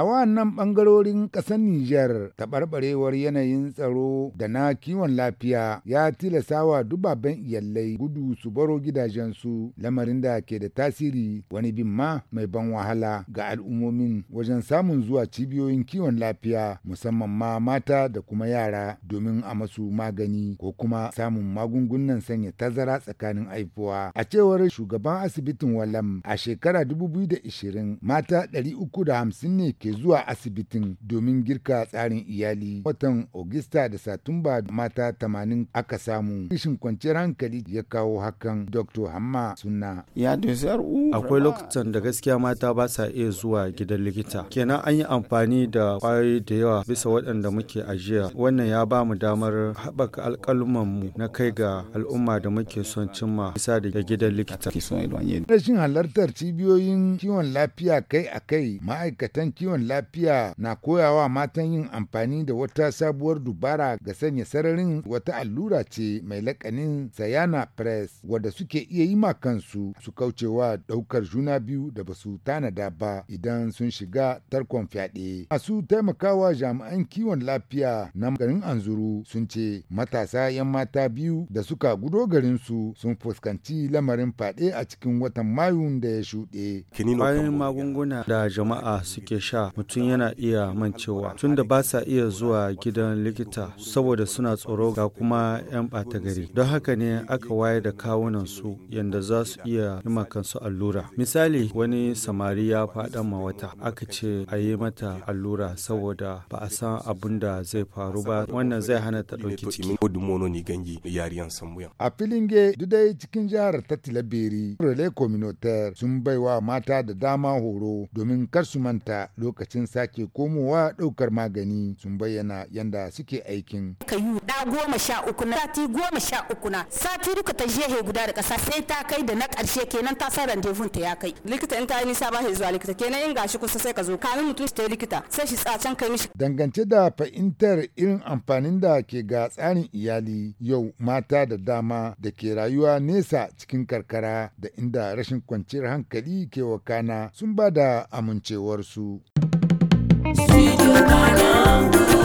A wannan ɓangarorin ƙasar Nijar, taɓarɓarewar yanayin tsaro da na kiwon lafiya ya tilasta wa dubaben iyalai gudu su baro gidajen su lamarin da ke da tasiri wani bin ma mai ban wahala ga al'ummomin wajen samun zuwa cibiyoyin kiwon lafiya musamman ma mata da kuma yara domin a masu magani ko kuma samun magungunan sanya tazara tsakanin aifuwa A cewar shugaban asibitin Walam a shekara 2020 mata 350 ne ke ke zuwa asibitin domin girka tsarin iyali watan Ogista da Satumba mata tamanin aka samu. rashin kwanciyar hankali ya kawo hakan Dr. Hamma suna. Akwai lokutan da gaskiya mata ba sa iya zuwa gidan likita. Kenan an yi amfani da kwayoyi da yawa bisa waɗanda muke ajiya. Wannan ya ba mu damar haɓaka mu. na kai ga al'umma da muke son cimma bisa da gidan likita. Rashin halartar cibiyoyin kiwon lafiya kai a kai ma'aikatan kiwon kiwon lafiya na koyawa matan yin amfani da wata sabuwar dubara ga sanya sararin wata allura ce mai lakanin sayana press wadda suke iya yi ma kansu su kaucewa daukar juna biyu da basu tanada ba idan sun shiga tarkon fyaɗe. Masu taimakawa jami'an kiwon lafiya na garin Anzuru sun ce matasa 'yan mata biyu da suka gudo su sun fuskanci lamarin fyaɗe a cikin watan Mayun da ya shuɗe. kwayoyin magunguna da jama'a suke sha sa mutum yana iya mancewa tunda ba sa iya zuwa gidan likita saboda suna tsoro ga kuma 'yan ɓata gari don haka ne aka waye da kawunan su yadda za su iya nima kansu allura misali wani samari ya faɗa ma wata aka ce a yi mata allura saboda ba a san abin da zai faru ba wannan zai hana ta ɗauki ciki a filin ge dudai cikin jihar ta tilabiri relais communautaire sun baiwa mata da dama horo domin kar su manta lokacin sake komowa ɗaukar magani sun bayyana yanda suke aikin. Ka yi da goma sha uku na sati goma sha uku na sati duka ta jehe guda da ƙasa sai ta kai da na ƙarshe kenan ta sa rendezvous ta ya kai. Likita in ta yi nisa ba shi zuwa likita kenan in gashi kusa sai ka zo kamin mutum ta likita sai shi tsacen kai mishi. Dangance da fahimtar irin amfanin da ke ga tsarin iyali yau mata da dama da ke rayuwa nesa cikin karkara da inda rashin kwanciyar hankali ke wakana sun ba da amincewarsu. Studio Banangu.